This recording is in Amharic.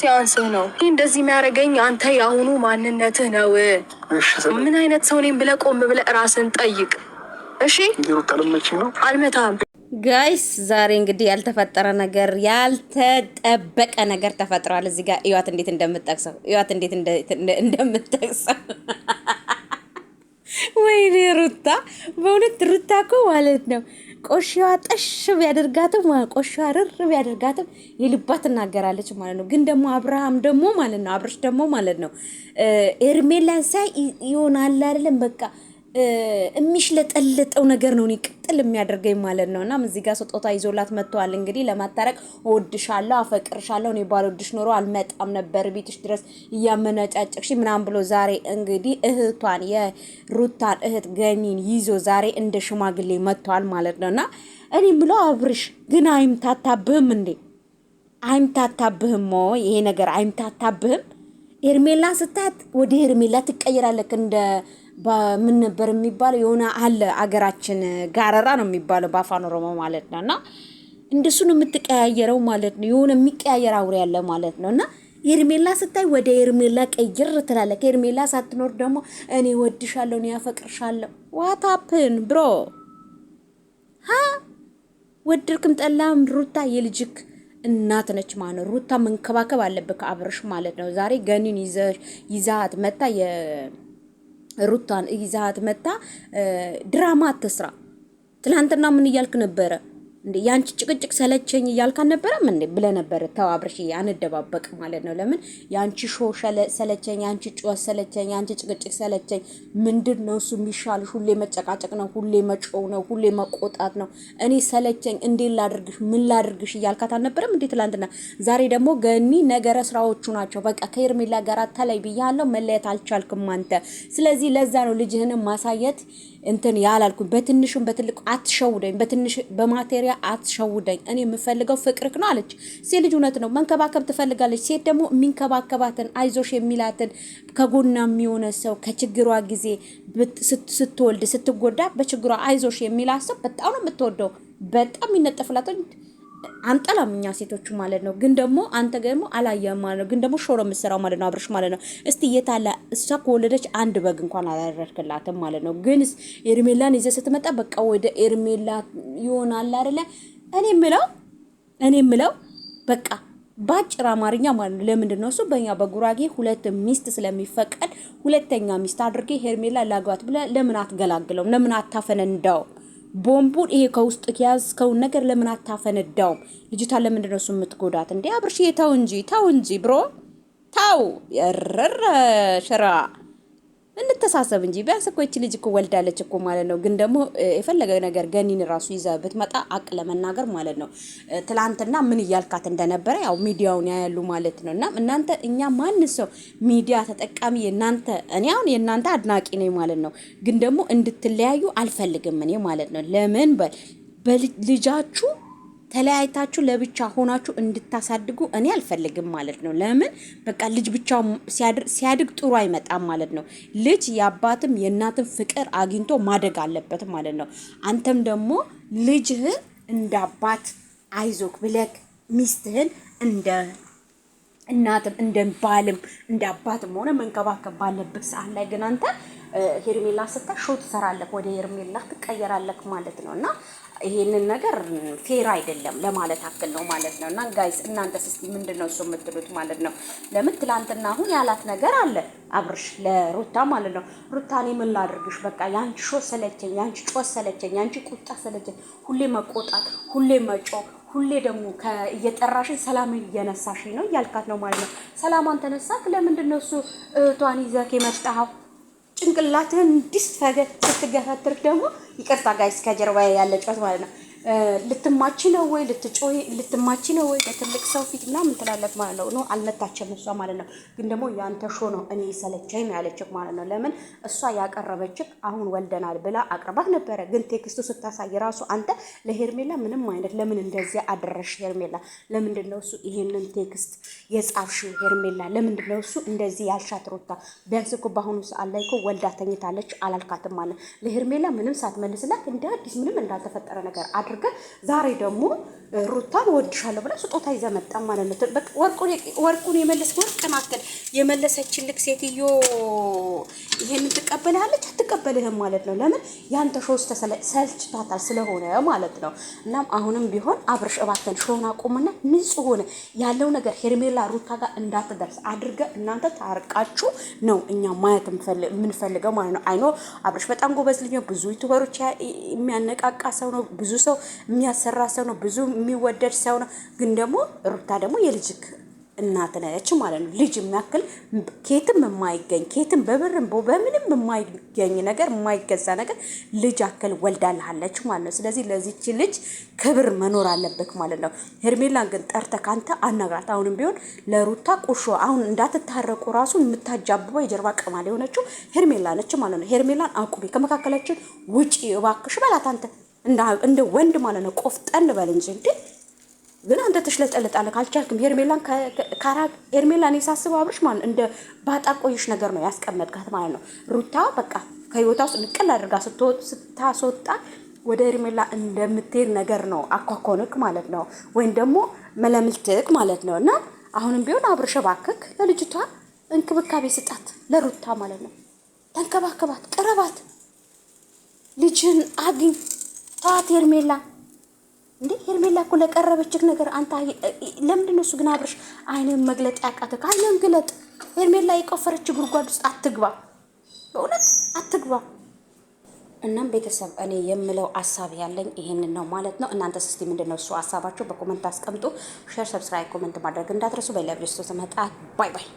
ሲያንስህ ነው። ይህ እንደዚህ የሚያደርገኝ አንተ የአሁኑ ማንነትህ ነው። ምን አይነት ሰው ነኝ ብለህ ቆም ብለህ ራስን ጠይቅ። እሺ አልመታም። ጋይስ ዛሬ እንግዲህ ያልተፈጠረ ነገር ያልተጠበቀ ነገር ተፈጥሯል። እዚህ ጋር እዩዋት እንዴት እንደምጠቅሰው እዩዋት እንዴት እንደምጠቅሰው ወይኔ ሩታ በእውነት ሩታ እኮ ማለት ነው ቆሽዋ ጠሽ ቢያደርጋትም ቆሽዋ ርር ቢያደርጋትም የልባ ትናገራለች ማለት ነው። ግን ደግሞ አብርሃም ደግሞ ማለት ነው አብርሽ ደግሞ ማለት ነው ኤርሜላን ሳይ ይሆናል አይደለም በቃ የሚሽለጠለጠው ነገር ነው ኒቅ ቅጥል የሚያደርገኝ ማለት ነው። እናም እዚህ ጋር ስጦታ ይዞላት መጥተዋል። እንግዲህ ለማታረቅ ወድሻለሁ፣ አፈቅርሻለሁ፣ እኔ ባልወድሽ ኖሮ አልመጣም ነበር ቤትሽ ድረስ እያመነጫጨቅሽ ምናምን ብሎ ዛሬ እንግዲህ እህቷን የሩታን እህት ገኒን ይዞ ዛሬ እንደ ሽማግሌ መጥተዋል ማለት ነው። እና እኔ ብለው አብርሽ ግን አይምታታብህም እንዴ? አይምታታብህም? ይሄ ነገር አይምታታብህም? ኤርሜላ ስታት ወደ ኤርሜላ ትቀይራለክ እንደ ምን ነበር የሚባለው የሆነ አለ አገራችን ጋረራ ነው የሚባለው በአፋን ኦሮሞ ማለት ነው። እና እንደሱን የምትቀያየረው ማለት ነው። የሆነ የሚቀያየር አውሬ ያለ ማለት ነው እና ኤርሜላ ስታይ ወደ ኤርሜላ ቀይር ትላለ። ከኤርሜላ ሳትኖር ደግሞ እኔ ወድሻለሁ፣ እኔ ያፈቅርሻለሁ። ዋታፕን ብሮ ሀ ወድርክም ጠላም ሩታ የልጅክ እናት ነች ማለት ነው። ሩታ መንከባከብ አለብህ ከአብርሽ ማለት ነው። ዛሬ ገኒን ይዛት መታ ሩታን ይዛት መጣ። ድራማ አትስራ። ትላንትና ምን እያልክ ነበረ? ያንቺ ጭቅጭቅ ሰለቸኝ እያልክ አልነበረም እንዴ ብለህ ነበር። ተው አብርሽ አንደባበቅ ማለት ነው። ለምን ያንቺ ሾ ሰለቸኝ፣ ያንቺ ጩኸት ሰለቸኝ፣ ያንቺ ጭቅጭቅ ሰለቸኝ። ምንድን ነው እሱ የሚሻልሽ? ሁሌ መጨቃጨቅ ነው፣ ሁሌ መጮው ነው፣ ሁሌ መቆጣት ነው። እኔ ሰለቸኝ፣ እንዴት ላድርግሽ፣ ምን ላድርግሽ እያልካት አልነበረም እንዴ ትላንትና? ዛሬ ደግሞ ገኒ ነገረ ስራዎቹ ናቸው። በቃ ከኤርሜላ ጋር ተለይ ብያለሁ፣ መለየት አልቻልክም አንተ። ስለዚህ ለዛ ነው ልጅህንም ማሳየት እንትን ያላልኩኝ በትንሹም በትልቁ አትሸውደኝ፣ በትንሽ በማቴሪያ አትሸውደኝ። እኔ የምፈልገው ፍቅርክ ነው አለች። ሴት ልጅ እውነት ነው መንከባከብ ትፈልጋለች። ሴት ደግሞ የሚንከባከባትን አይዞሽ የሚላትን ከጎና የሚሆነ ሰው ከችግሯ ጊዜ ስትወልድ ስትጎዳ በችግሯ አይዞሽ የሚላት ሰው በጣም ነው የምትወደው። በጣም ይነጠፍላት አንጠላም እኛ ሴቶቹ ማለት ነው። ግን ደግሞ አንተ ደግሞ አላየህም ማለት ነው። ግን ደግሞ ሾሮ የምትሰራው ማለት ነው አብረሽ ማለት ነው። እስቲ እየታለ እሷ ከወለደች አንድ በግ እንኳን አላደረግክላትም ማለት ነው። ግን ኤርሜላን ይዘህ ስትመጣ በቃ ወደ ኤርሜላ ይሆናል አይደለ? እኔ ምለው እኔ ምለው በቃ በአጭር አማርኛ ማለት ነው። ለምንድን ነው እሱ በእኛ በጉራጌ ሁለት ሚስት ስለሚፈቀድ ሁለተኛ ሚስት አድርጌ ሄርሜላ ላግባት ብለህ ለምን አትገላግለውም? ለምን አታፈነዳውም? ቦምቡን ይሄ ከውስጥ ያዝከውን ነገር ለምን አታፈነዳውም? ልጅቷን ለምንድን ነው እሱ የምትጎዳት? እንዲ አብርሽ ተው እንጂ ተው እንጂ ብሮ ተው። የረረ ሽራ እንተሳሰብ እንጂ ቢያንስ እኮ ይቺ ልጅ እኮ ወልዳለች እኮ ማለት ነው። ግን ደግሞ የፈለገ ነገር ገኒን ራሱ ይዛ ብትመጣ አቅ ለመናገር ማለት ነው። ትላንትና ምን እያልካት እንደነበረ ያው ሚዲያውን ያያሉ ማለት ነው። እና እናንተ እኛ ማን ሰው ሚዲያ ተጠቃሚ የእናንተ እኔ አሁን የእናንተ አድናቂ ነኝ ማለት ነው። ግን ደግሞ እንድትለያዩ አልፈልግም እኔ ማለት ነው። ለምን በልጃችሁ ተለያይታችሁ ለብቻ ሆናችሁ እንድታሳድጉ እኔ አልፈልግም ማለት ነው። ለምን በቃ ልጅ ብቻው ሲያድግ ጥሩ አይመጣም ማለት ነው። ልጅ የአባትም የእናትም ፍቅር አግኝቶ ማደግ አለበት ማለት ነው። አንተም ደግሞ ልጅህን እንደ አባት አይዞክ ብለክ ሚስትህን እንደ እናትም እንደ ባልም እንደ አባትም ሆነ መንከባከብ ባለብህ ሰዓት ላይ ግን አንተ ሄርሜላ ስታ ሾ ትሰራለክ፣ ወደ ሄርሜላ ትቀየራለክ ማለት ነው እና ይሄንን ነገር ፌር አይደለም ለማለት አክል ነው ማለት ነው። እና ጋይስ እናንተ ስስቲ ምንድን ነው እሱ የምትሉት ማለት ነው? ለምን ትላንትና አሁን ያላት ነገር አለ አብርሽ ለሩታ ማለት ነው። ሩታ እኔ ምን ላድርግሽ? በቃ ያንቺ ሾ ሰለቸኝ፣ ያንቺ ጮ ሰለቸኝ፣ ያንቺ ቁጣ ሰለቸኝ፣ ሁሌ መቆጣት፣ ሁሌ መጮ ሁሌ ደግሞ እየጠራሽን ሰላም እየነሳሽኝ ነው እያልካት ነው ማለት ነው። ሰላማን ተነሳት። ለምንድን ነው እሱ እህቷን ይዘህ የመጣኸው? ጭንቅላትህን እንዲህ ስትፈገ ስትገፈትር ደግሞ ይቅርታ ጋይስ ከጀርባ ያለ ጩኸት ማለት ነው ልትማች ነው ወይ ልትጮይ ልትማች ነው ወይ በትልቅ ሰው ፊት ምናምን ትላለች ማለት ነው። ነው አልመታችም እሷ ማለት ነው። ግን ደግሞ ያንተ ሾ ነው እኔ ሰለቸኝ ነው ያለችህ ማለት ነው። ለምን እሷ ያቀረበችህ አሁን ወልደናል ብላ አቅርባት ነበረ። ግን ቴክስቱ ስታሳይ ራሱ አንተ ለሄርሜላ ምንም አይነት ለምን እንደዚያ አደረሽ ሄርሜላ፣ ለምንድን ነው እሱ ይሄንን ቴክስት የጻፍሽው ሄርሜላ፣ ለምንድን ነው እሱ እንደዚህ ያልሻት ሩታ? ቢያንስ እኮ በአሁኑ ሰዓት ላይ እኮ ወልዳ ተኝታለች አላልካትም ማለት ለሄርሜላ ምንም ሳትመልስላት እንደ አዲስ ምንም እንዳልተፈጠረ ነገር አድርገህ ዛሬ ደግሞ ሩታን ወድሻለሁ ብላ ስጦታ ይዘ መጣ ማለት ነው። ወርቁን የመለስ ወርቅ ማከል የመለሰችልክ ሴትዮ ይሄን ትቀበልሃለች አትቀበልህም ማለት ነው። ለምን ያንተ ሾስ ሰልችቷታል ስለሆነ ማለት ነው። እናም አሁንም ቢሆን አብርሽ እባክህን ሾህን አቁምና ንጹህ ሆነ ያለው ነገር ሄርሜላ ሩታ ጋር እንዳትደርስ አድርገ እናንተ ታርቃችሁ ነው እኛ ማየት የምንፈልገው ማለት ነው። አይኖ አብርሽ በጣም ጎበዝ ልጅ ነው። ብዙ ዩቱበሮች የሚያነቃቃ ሰው ነው። ብዙ ሰው የሚያሰራ ሰው ነው፣ ብዙ የሚወደድ ሰው ነው። ግን ደግሞ ሩታ ደግሞ የልጅክ እናት ነች ማለት ነው። ልጅ የሚያክል ኬትም የማይገኝ ኬትም በብርም በምንም የማይገኝ ነገር የማይገዛ ነገር ልጅ አክል ወልዳልሃለች ማለት ነው። ስለዚህ ለዚች ልጅ ክብር መኖር አለበት ማለት ነው። ሄርሜላን ግን ጠርተህ ካንተ አናግራት። አሁንም ቢሆን ለሩታ ቁሾ አሁን እንዳትታረቁ ራሱ የምታጃብበው የጀርባ ቅማል የሆነችው ሄርሜላ ነች ማለት ነው። ሄርሜላን አቁሜ ከመካከላችን ውጪ እባክሽ በላት አንተ እንደ ወንድ ማለት ነው። ቆፍጠን በል እንጂ እንዴ! ግን አንተ ትሽለጠለጣለህ። አልቻልክም። ሄርሜላን ካራ ሄርሜላን የሳስበው አብርሽ ማለት እንደ ባጣ ቆይሽ ነገር ነው ያስቀመጥካት ማለት ነው። ሩታ በቃ ከህይወታ ውስጥ ንቅል አድርጋ ስታስወጣ ወደ ሄርሜላ እንደምትሄድ ነገር ነው አኳኮንክ ማለት ነው። ወይም ደግሞ መለምልትክ ማለት ነው። እና አሁንም ቢሆን አብርሽ እባክህ ለልጅቷ እንክብካቤ ስጣት፣ ለሩታ ማለት ነው። ተንከባከባት፣ ቅረባት፣ ልጅን አግኝ። ተዋት ሄርሜላ። እንዴ ሄርሜላ እኮ ለቀረበችክ ነገር አንተ ለምንድን ነው እሱ ግን አብርሽ አይነን መግለጥ ያቃተክ? አይነን ግለጥ። ሄርሜላ የቆፈረች ጉድጓድ ውስጥ አትግባ፣ በእውነት አትግባ። እናም ቤተሰብ እኔ የምለው ሀሳብ ያለኝ ይሄንን ነው ማለት ነው። እናንተ ስስቲ ምንድን ነው እሱ ሀሳባቸው? በኮመንት አስቀምጡ። ሼር፣ ሰብስክራይብ፣ ኮመንት ማድረግ እንዳትረሱ። በሌላ ቪዲዮ ስመጣ ባይ ባይ።